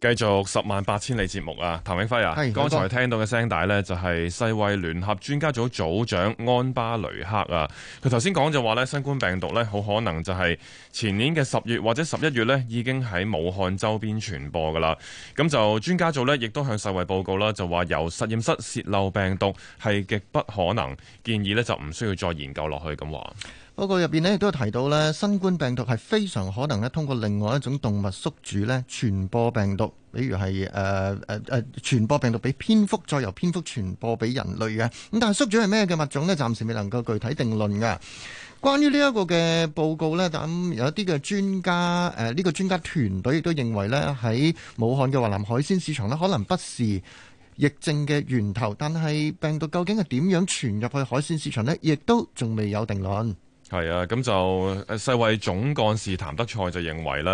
繼續十萬八千里節目啊，譚永輝啊，剛才聽到嘅聲帶呢，就係世衛聯合專家組組長安巴雷克啊，佢頭先講就話咧新冠病毒咧好可能就係前年嘅十月或者十一月呢，已經喺武漢周邊傳播噶啦，咁就專家組呢，亦都向世衛報告啦，就話由實驗室泄漏病毒係極不可能，建議呢，就唔需要再研究落去咁話。嗰個入邊咧，亦都有提到咧，新冠病毒係非常可能咧，通過另外一種動物宿主咧傳播病毒，比如係誒誒誒傳播病毒俾蝙蝠，再由蝙蝠傳播俾人類嘅。咁但係宿主係咩嘅物種呢？暫時未能夠具體定論嘅。關於呢一個嘅報告咧，咁有一啲嘅專家誒呢個專家團隊亦都認為咧，喺武漢嘅華南海鮮市場咧，可能不是疫症嘅源頭，但係病毒究竟係點樣傳入去海鮮市場呢？亦都仲未有定論。係啊，咁就世衛總幹事譚德塞就認為咧，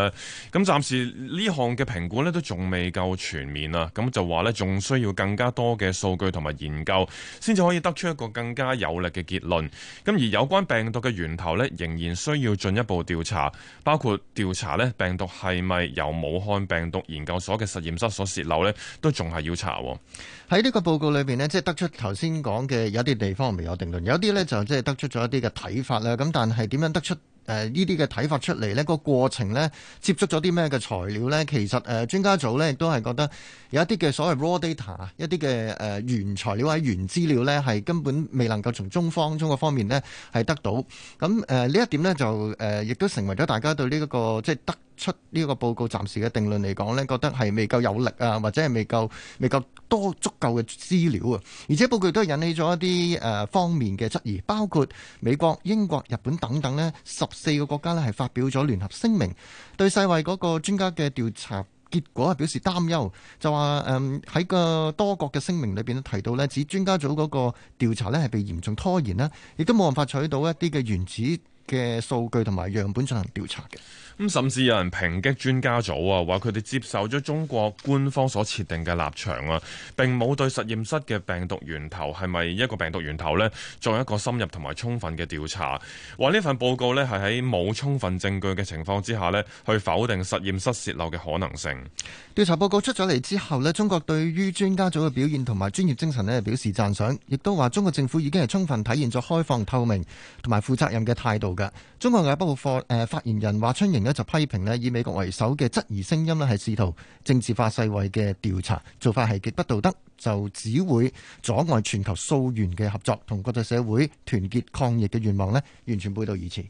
咁暫時呢項嘅評估咧都仲未夠全面啊，咁就話呢仲需要更加多嘅數據同埋研究，先至可以得出一個更加有力嘅結論。咁而有關病毒嘅源頭呢，仍然需要進一步調查，包括調查呢病毒係咪由武漢病毒研究所嘅實驗室所洩漏呢？都仲係要查。喺呢個報告裏面呢，即係得出頭先講嘅有啲地方未有定論，有啲呢就即係得出咗一啲嘅睇法啦。咁但係點樣得出誒呢啲嘅睇法出嚟咧？個過程咧，接觸咗啲咩嘅材料咧？其實誒、呃、專家組咧亦都係覺得有一啲嘅所謂 raw data，一啲嘅誒原材料或原資料咧，係根本未能夠從中方中國方面咧係得到。咁誒呢一點咧就誒亦、呃、都成為咗大家對呢一個即係得。出呢個報告暫時嘅定論嚟講呢覺得係未夠有力啊，或者係未夠未夠多足夠嘅資料啊，而且報告都係引起咗一啲誒、呃、方面嘅質疑，包括美國、英國、日本等等呢十四個國家呢係發表咗聯合聲明，對世衛嗰個專家嘅調查結果係表示擔憂，就話誒喺個多國嘅聲明裏邊都提到呢，指專家組嗰個調查呢係被嚴重拖延啦，亦都冇辦法取到一啲嘅原始嘅數據同埋樣本進行調查嘅，咁甚至有人抨擊專家組啊，話佢哋接受咗中國官方所設定嘅立場啊，並冇對實驗室嘅病毒源頭係咪一個病毒源頭呢，作一個深入同埋充分嘅調查。話呢份報告呢係喺冇充分證據嘅情況之下呢，去否定實驗室洩漏嘅可能性。調查報告出咗嚟之後呢，中國對於專家組嘅表現同埋專業精神呢表示讚賞，亦都話中國政府已經係充分體現咗開放透明同埋負責任嘅態度。中國外交部誒發言人華春瑩咧就批評咧以美國為首嘅質疑聲音咧係試圖政治化世衛嘅調查，做法係極不道德，就只會阻礙全球溯源嘅合作同國際社會團結抗疫嘅願望咧完全背道而馳。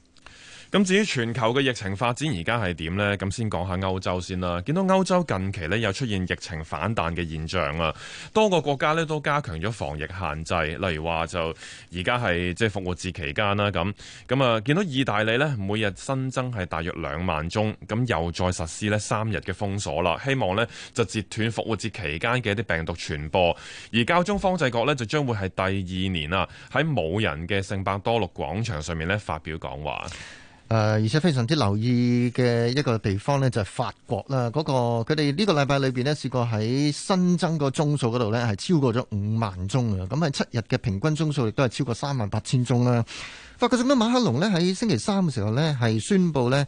咁至於全球嘅疫情發展而家係點呢？咁先講下歐洲先啦。見到歐洲近期呢，又出現疫情反彈嘅現象啊，多個國家呢，都加強咗防疫限制，例如話就而家係即係復活節期間啦。咁咁啊，見到意大利呢，每日新增係大約兩萬宗，咁又再實施呢三日嘅封鎖啦。希望呢，就截斷復活節期間嘅一啲病毒傳播。而教宗方濟各呢，就將會係第二年啊喺冇人嘅聖伯多祿廣場上面呢發表講話。誒，而且非常之留意嘅一個地方呢，就係法國啦。嗰個佢哋呢個禮拜裏邊呢，試過喺新增個宗數嗰度呢，係超過咗五萬宗啊。咁喺七日嘅平均宗數亦都係超過三萬八千宗啦。法國總統馬克龍呢，喺星期三嘅時候呢，係宣布呢，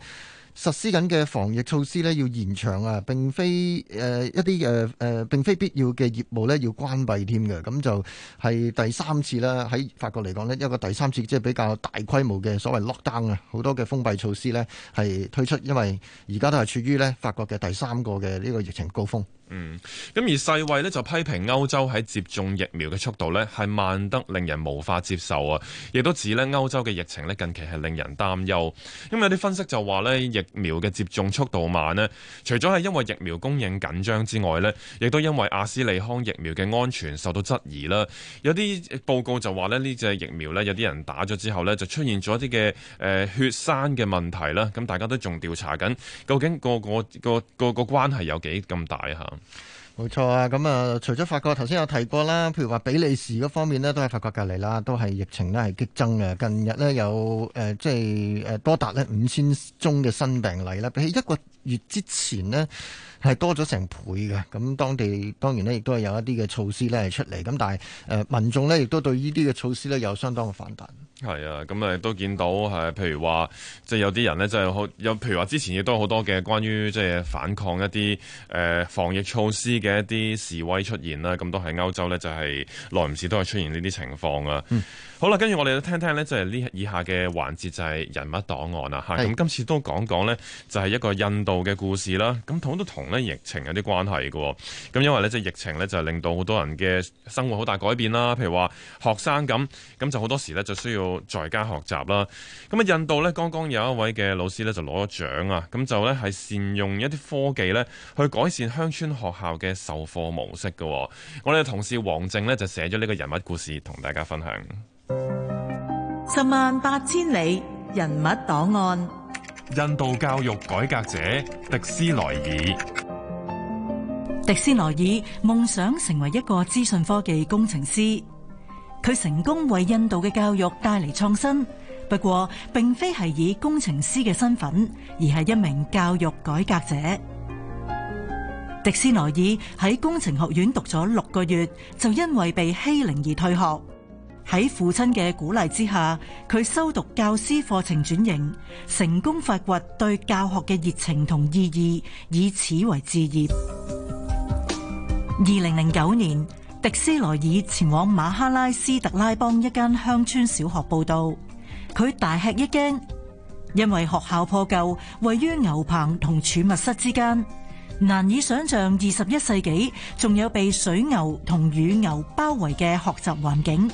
實施緊嘅防疫措施咧，要延長啊！並非誒、呃、一啲誒誒並非必要嘅業務咧，要關閉添嘅。咁就係第三次啦，喺法國嚟講咧，一個第三次即係比較大規模嘅所謂 lockdown 啊，好多嘅封閉措施咧係推出，因為而家都係處於咧法國嘅第三個嘅呢個疫情高峰。嗯，咁而世衛呢，就批評歐洲喺接種疫苗嘅速度呢，係慢得令人無法接受啊，亦都指呢，歐洲嘅疫情呢，近期係令人擔憂。咁有啲分析就話呢，疫苗嘅接種速度慢呢，除咗係因為疫苗供應緊張之外呢，亦都因為阿斯利康疫苗嘅安全受到質疑啦。有啲報告就話呢，呢隻疫苗呢，有啲人打咗之後呢，就出現咗一啲嘅誒血栓嘅問題啦。咁大家都仲調查緊究竟個個個個個個關係有幾咁大吓？冇錯啊，咁、嗯、啊，除咗法國，頭先有提過啦，譬如話比利時嗰方面呢，都喺法國隔籬啦，都係疫情呢係激增嘅。近日呢，有、呃、誒，即係誒多達呢五千宗嘅新病例啦，比起一個月之前呢係多咗成倍嘅。咁當地當然呢亦都係有一啲嘅措施咧係出嚟。咁但係誒、呃，民眾呢亦都對呢啲嘅措施呢有相當嘅反彈。係啊，咁誒亦都見到係，譬如話即係有啲人咧、就是，即係有，譬如話之前亦都好多嘅關於即係反抗一啲誒、呃、防疫措施嘅一啲示威出現啦。咁都喺歐洲呢、就是，就係耐唔時都係出現呢啲情況啊。嗯好啦，跟住我哋都聽聽呢，就係呢以下嘅環節就係人物檔案啦，吓，咁今次都講講呢，就係一個印度嘅故事啦。咁同都同呢疫情有啲關係喎。咁因為呢即係疫情呢，就令到好多人嘅生活好大改變啦。譬如話學生咁，咁就好多時呢，就需要在家學習啦。咁啊印度呢，剛剛有一位嘅老師呢，就攞咗獎啊，咁就呢，係善用一啲科技呢，去改善鄉村學校嘅授課模式喎。我哋嘅同事王靖呢，就寫咗呢個人物故事同大家分享。十萬八千里人物檔案：印度教育改革者迪斯萊爾。迪斯萊爾夢想成為一個資訊科技工程師，佢成功為印度嘅教育帶嚟創新。不過，並非係以工程師嘅身份，而係一名教育改革者。迪斯萊爾喺工程學院讀咗六個月，就因為被欺凌而退學。喺父親嘅鼓勵之下，佢修讀教師課程轉型，轉型成功發掘對教學嘅熱情同意義，以此為志業。二零零九年，迪斯萊爾前往馬哈拉斯特拉邦一間鄉村小學報到，佢大吃一驚，因為學校破舊，位於牛棚同儲物室之間，難以想象二十一世紀仲有被水牛同乳牛包圍嘅學習環境。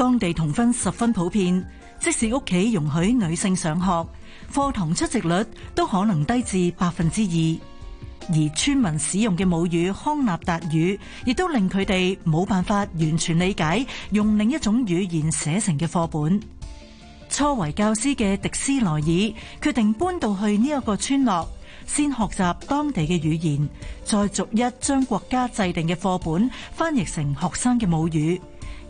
當地童婚十分普遍，即使屋企容許女性上學，課堂出席率都可能低至百分之二。而村民使用嘅母語康納達語，亦都令佢哋冇辦法完全理解用另一種語言寫成嘅課本。初為教師嘅迪斯萊爾決定搬到去呢一個村落，先學習當地嘅語言，再逐一將國家制定嘅課本翻譯成學生嘅母語。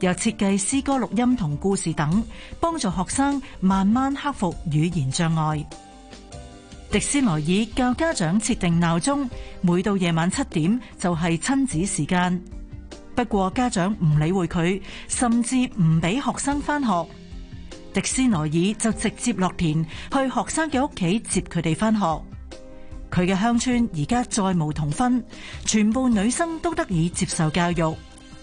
由設計詩歌錄音同故事等，幫助學生慢慢克服語言障礙。迪斯萊爾教家長設定鬧鐘，每到夜晚七點就係親子時間。不過家長唔理會佢，甚至唔俾學生翻學。迪斯萊爾就直接落田，去學生嘅屋企接佢哋翻學。佢嘅鄉村而家再無童婚，全部女生都得以接受教育。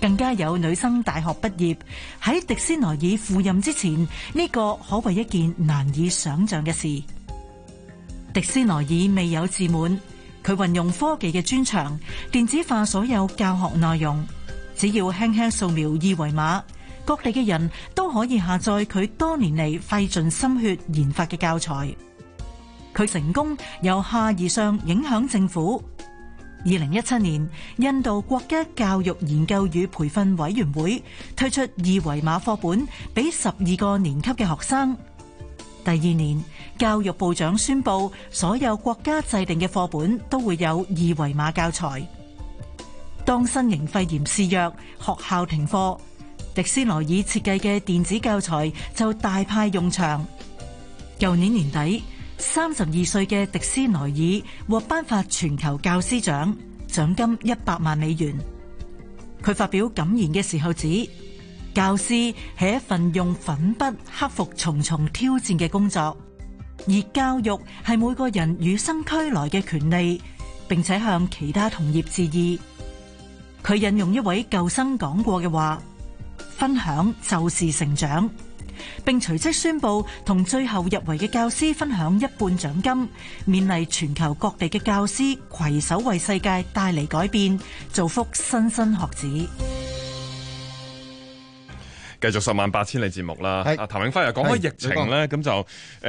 更加有女生大學畢業。喺迪斯內爾赴任之前，呢、這個可謂一件難以想象嘅事。迪斯內爾未有自滿，佢運用科技嘅專長，電子化所有教學內容，只要輕輕掃描二維碼，各地嘅人都可以下載佢多年嚟費盡心血研發嘅教材。佢成功由下而上影響政府。二零一七年，印度國家教育研究與培訓委員會推出二維碼課本，俾十二個年級嘅學生。第二年，教育部長宣布，所有國家製定嘅課本都會有二維碼教材。當新型肺炎肆虐，學校停課，迪斯萊爾設計嘅電子教材就大派用場。舊年年底。三十二歲嘅迪斯萊爾獲頒發全球教師獎，獎金一百萬美元。佢發表感言嘅時候指，教師係一份用粉筆克服重重挑戰嘅工作，而教育係每個人與生俱來嘅權利，並且向其他同業致意。佢引用一位舊生講過嘅話：「分享就是成長。」並隨即宣布同最後入圍嘅教師分享一半獎金，勉勵全球各地嘅教師攜手為世界帶嚟改變，造福莘莘學子。繼續十萬八千里節目啦。阿、啊、譚永輝又講開疫情咧，咁就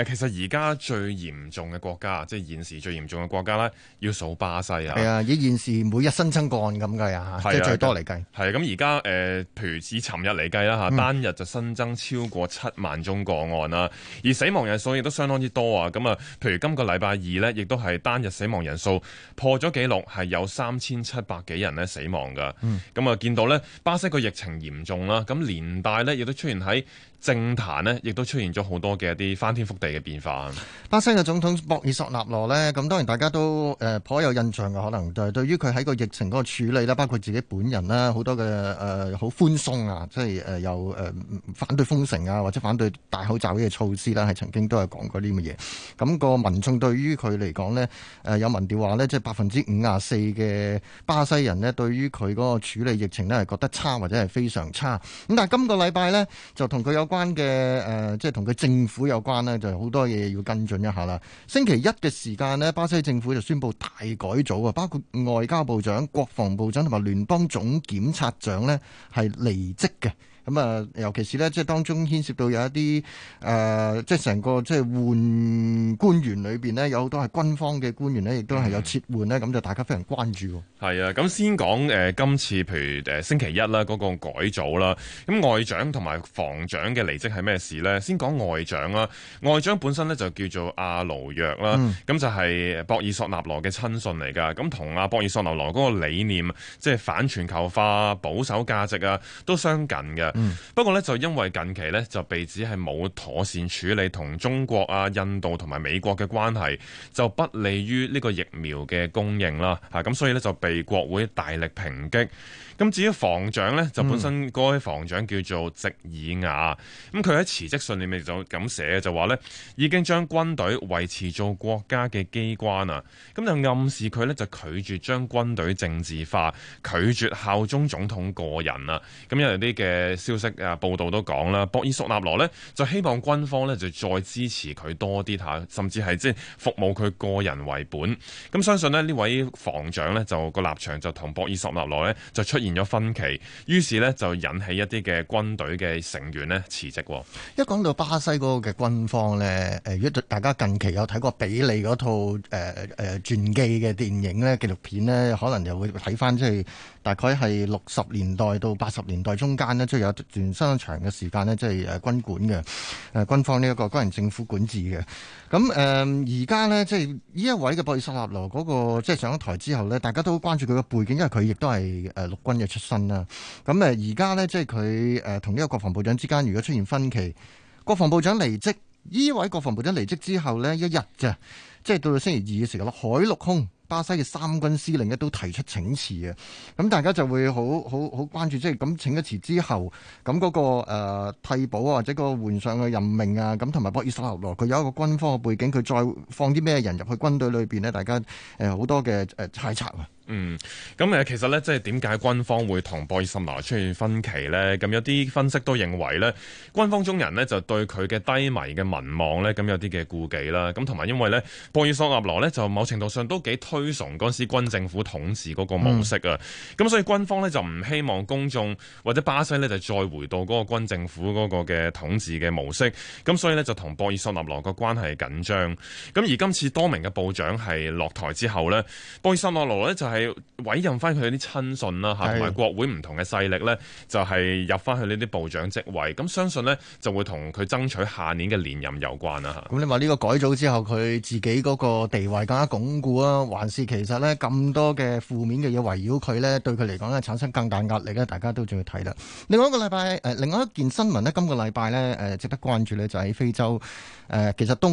誒其實而家最嚴重嘅國家即係現時最嚴重嘅國家咧，要數巴西啊。係啊，以現時每日新增個案咁計啊，即、就、係、是、最多嚟計。係咁而家誒，譬如以尋日嚟計啦嚇，單日就新增超過七萬宗個案啦，嗯，而死亡人數亦都相當之多啊。咁啊，譬如今個禮拜二咧，亦都係單日死亡人數破咗紀錄，係有三千七百幾人咧死亡㗎。嗯。咁啊，見到咧，巴西個疫情嚴重啦，咁連帶，係咧，亦都出現喺。政壇呢亦都出現咗好多嘅一啲翻天覆地嘅變化。巴西嘅總統博爾索納羅呢，咁當然大家都誒、呃、頗有印象嘅，可能就係對於佢喺個疫情嗰個處理啦，包括自己本人啦，好多嘅誒好寬鬆啊，即係誒有誒反對封城啊，或者反對戴口罩嘅措施啦，係曾經都有講過啲乜嘢。咁、個民眾對於佢嚟講呢，誒、呃、有民調話呢，即係百分之五啊四嘅巴西人呢，對於佢嗰個處理疫情呢，係覺得差或者係非常差。咁但係今個禮拜呢，就同佢有關嘅誒，即係同佢政府有關呢，就係好多嘢要跟進一下啦。星期一嘅時間呢，巴西政府就宣布大改組啊，包括外交部長、國防部長同埋聯邦總檢察長呢，係離職嘅。咁啊，尤其是咧，即係當中牽涉到有一啲誒，即係成個即係換官員裏邊咧，有好多係軍方嘅官員咧，亦都係有撤換呢，咁就大家非常關注。係啊，咁先講誒，今次譬如誒星期一啦，嗰個改組啦，咁外長同埋防長嘅離職係咩事呢？先講外長啦，外長本身呢，就叫做阿勞約啦，咁、嗯、就係、係、博爾索納羅嘅親信嚟㗎，咁同阿博爾索納羅嗰個理念，即係反全球化、保守價值啊，都相近嘅。嗯、不過咧，就因為近期咧就被指係冇妥善處理同中國啊、印度同埋美國嘅關係，就不利於呢個疫苗嘅供應啦。吓、咁，所以咧就被國會大力抨擊。咁至於防長呢，就本身嗰位防長叫做席、嗯、爾瓦，咁佢喺辭職信裏面就咁寫就話呢已經將軍隊維持做國家嘅機關啊，咁就暗示佢呢，就拒絕將軍隊政治化，拒絕效忠總統個人啊。咁有啲嘅消息啊報導都講啦，博爾索納羅呢，就希望軍方呢，就再支持佢多啲吓，甚至係即係服務佢個人為本。咁相信呢位防長呢，就個立場就同博爾索納羅呢，就出現。變咗分歧，於是呢就引起一啲嘅軍隊嘅成員呢辭職。一講到巴西嗰個嘅軍方呢，誒，如果大家近期有睇過比利嗰套誒誒傳記嘅電影呢，紀錄片呢，可能又會睇翻，即係大概係六十年代到八十年代中間呢，即係有一段相當長嘅時間呢，即係誒軍管嘅誒軍方呢一個軍人政府管治嘅。咁誒而家呢，即係呢一位嘅博爾索納羅嗰個，即係上咗台之後呢，大家都關注佢嘅背景，因為佢亦都係誒陸軍嘅出身啦，咁誒而家呢，即係佢誒同呢個國防部長之間如果出現分歧，國防部長離職，呢位國防部長離職之後呢，一日啫，即係到咗星期二嘅時候啦，海陸空巴西嘅三軍司令咧都提出請辭啊，咁大家就會好好好關注，即係咁請一辭之後，咁、那、嗰個誒替補或者個換上嘅任命啊，咁同埋博爾索納羅，佢有一個軍方嘅背景，佢再放啲咩人入去軍隊裏邊呢？大家誒好多嘅誒猜測啊。嗯，咁誒其實咧，即係點解軍方會同博爾索納羅出現分歧呢？咁有啲分析都認為呢，軍方中人呢，就對佢嘅低迷嘅民望呢，咁有啲嘅顧忌啦。咁同埋因為呢，博爾索納羅呢，就某程度上都幾推崇嗰陣時軍政府統治嗰個模式啊。咁、嗯、所以軍方呢，就唔希望公眾或者巴西呢，就再回到嗰個軍政府嗰個嘅統治嘅模式。咁所以呢，就同博爾索納羅個關係緊張。咁而今次多名嘅部長係落台之後呢，博爾索納羅呢，就係、是。委任翻佢啲親信啦，吓，同埋國會唔同嘅勢力呢，就係入翻去呢啲部長職位。咁相信呢，就會同佢爭取下年嘅連任有關啦，吓。咁你話呢個改組之後，佢自己嗰個地位更加鞏固啊？還是其實呢咁多嘅負面嘅嘢圍繞佢呢？對佢嚟講呢，產生更大壓力呢？大家都仲要睇啦。另外一個禮拜，誒，另外一件新聞呢，今個禮拜呢，誒，值得關注呢，就喺非洲誒，其實東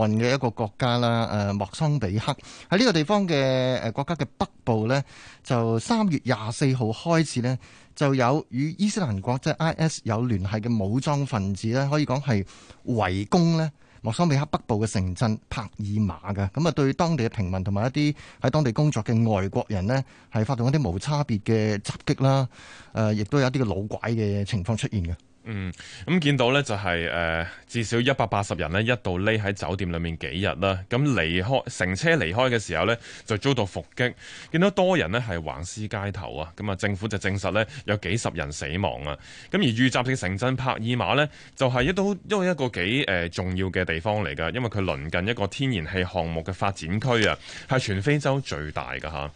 岸嘅一個國家啦，誒，莫桑比克喺呢個地方嘅誒國家嘅北部咧，就三月廿四號開始咧，就有與伊斯蘭國即係 IS 有聯繫嘅武裝分子咧，可以講係圍攻咧莫桑比克北部嘅城鎮帕爾馬嘅，咁啊對當地嘅平民同埋一啲喺當地工作嘅外國人咧，係發動一啲無差別嘅襲擊啦，誒、呃、亦都有一啲嘅擄拐嘅情況出現嘅。嗯，咁見到呢就係、是、誒、呃，至少一百八十人呢，一度匿喺酒店裏面幾日啦，咁離開乘車離開嘅時候呢，就遭到伏擊，見到多人呢係橫屍街頭啊，咁啊政府就證實呢有幾十人死亡啊，咁而預集性城鎮帕爾馬呢，就係一都因為一個幾誒重要嘅地方嚟㗎，因為佢鄰近一個天然氣項目嘅發展區啊，係全非洲最大㗎嚇。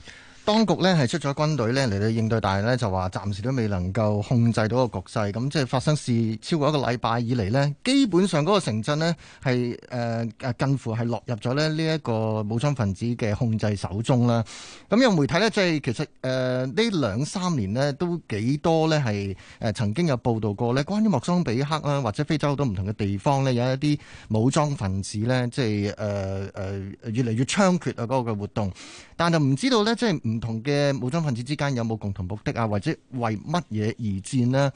當局呢係出咗軍隊呢嚟到應對，但係呢就話暫時都未能夠控制到個局勢。咁即係發生事超過一個禮拜以嚟呢，基本上嗰個城鎮呢係誒誒近乎係落入咗呢呢一個武裝分子嘅控制手中啦。咁有媒體呢，即係其實誒呢、呃、兩三年呢都幾多呢係、呃、曾經有報導過呢關於莫桑比克啦或者非洲好多唔同嘅地方呢，有一啲武裝分子呢，即係誒、呃呃、越嚟越猖獗啊嗰個嘅活動。但係唔知道呢，即係唔同嘅武裝分子之間有冇共同目的啊，或者為乜嘢而戰呢？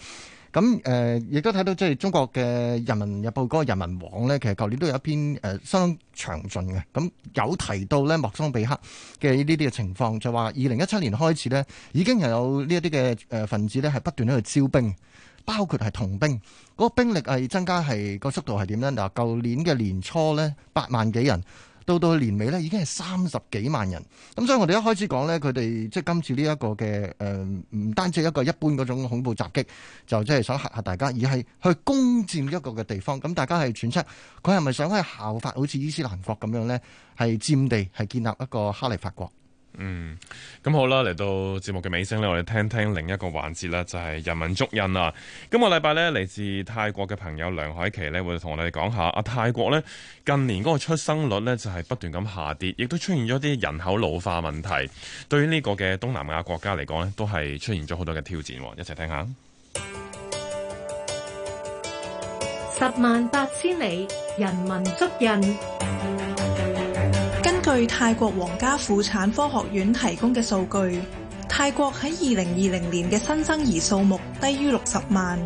咁誒，亦都睇到即係中國嘅《人民日報》嗰個《人民網》呢，其實舊年都有一篇相當詳盡嘅，咁有提到呢，莫桑比克嘅呢啲嘅情況，就話二零一七年開始呢，已經又有呢一啲嘅分子呢係不斷喺度招兵，包括係同兵，嗰個兵力係增加係個速度係點呢？嗱，舊年嘅年初呢，八萬幾人。到到年尾咧，已經係三十幾萬人。咁所以，我哋一開始講咧，佢哋即係今次呢、這、一個嘅誒唔單止係一個一般種恐怖襲擊，就即、是、係想嚇吓大家，而係去攻佔一個嘅地方。咁大家係揣測，佢係咪想喺效法好似伊斯蘭國咁樣咧，係佔地係建立一個哈利法國？嗯，咁好啦，嚟到節目嘅尾聲呢，我哋聽聽另一個環節啦，就係人文足印啦。今個禮拜呢，嚟自泰國嘅朋友梁凱琪呢，會同我哋講下啊，泰國呢，近年嗰個出生率呢，就係不斷咁下跌，亦都出現咗啲人口老化問題。對於呢個嘅東南亞國家嚟講呢，都係出現咗好多嘅挑戰。一齊聽下。十萬八千里，人文足印。據泰國皇家婦產科學院提供嘅數據，泰國喺二零二零年嘅新生兒數目低於六十萬，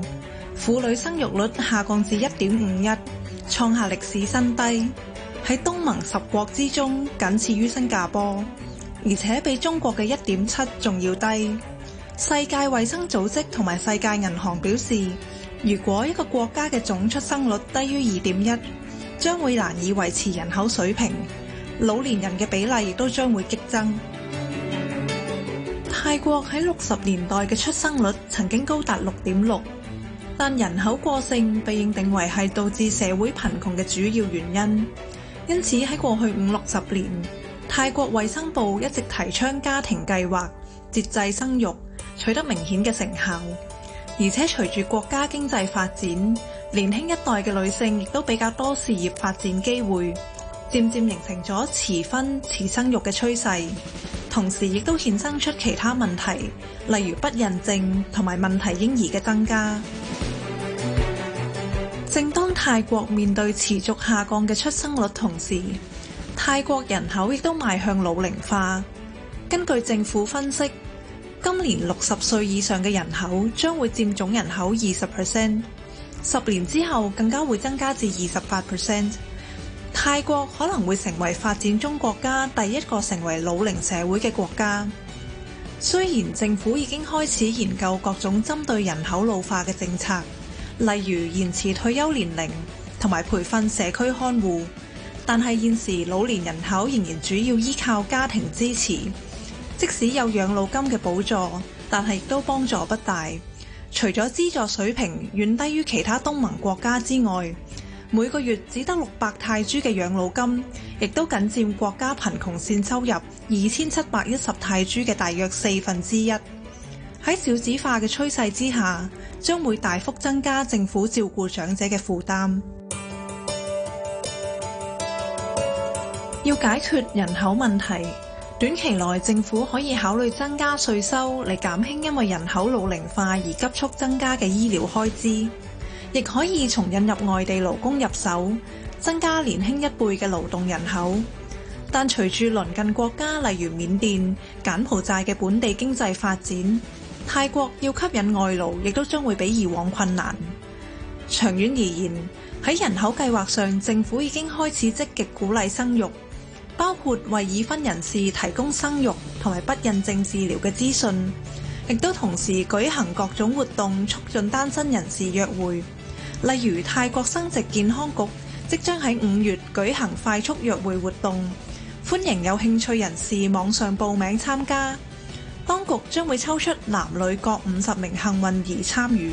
婦女生育率下降至一點五一，創下歷史新低。喺東盟十國之中，僅次於新加坡，而且比中國嘅一點七仲要低。世界衛生組織同埋世界銀行表示，如果一個國家嘅總出生率低於二點一，將會難以維持人口水平。老年人嘅比例亦都將會激增。泰國喺六十年代嘅出生率曾經高達六點六，但人口過剩被認定為係導致社會貧窮嘅主要原因。因此喺過去五六十年，泰國衛生部一直提倡家庭計劃節制生育，取得明顯嘅成效。而且隨住國家經濟發展，年輕一代嘅女性亦都比較多事業發展機會。漸漸形成咗遲婚、遲生育嘅趨勢，同時亦都衍生出其他問題，例如不孕症同埋問題嬰兒嘅增加。正當泰國面對持續下降嘅出生率同時，泰國人口亦都邁向老齡化。根據政府分析，今年六十歲以上嘅人口將會佔總人口二十 percent，十年之後更加會增加至二十八 percent。泰國可能會成為發展中國家第一個成為老齡社會嘅國家。雖然政府已經開始研究各種針對人口老化嘅政策，例如延遲退休年齡同埋培訓社區看護，但係現時老年人口仍然主要依靠家庭支持。即使有養老金嘅補助，但係亦都幫助不大。除咗資助水平遠低於其他東盟國家之外。每個月只得六百泰銖嘅養老金，亦都僅佔國家貧窮線收入二千七百一十泰銖嘅大約四分之一。喺少子化嘅趨勢之下，將會大幅增加政府照顧長者嘅負擔。 要解決人口問題，短期內政府可以考慮增加稅收嚟減輕因為人口老齡化而急速增加嘅醫療開支。亦可以從引入外地勞工入手，增加年輕一輩嘅勞動人口。但隨住鄰近國家，例如緬甸、柬埔寨嘅本地經濟發展，泰國要吸引外勞，亦都將會比以往困難。長遠而言，喺人口計劃上，政府已經開始積極鼓勵生育，包括為已婚人士提供生育同埋不孕症治療嘅資訊，亦都同時舉行各種活動，促進單身人士約會。例如，泰國生殖健康局即將喺五月舉行快速約會活動，歡迎有興趣人士網上報名參加。當局將會抽出男女各五十名幸運兒參與。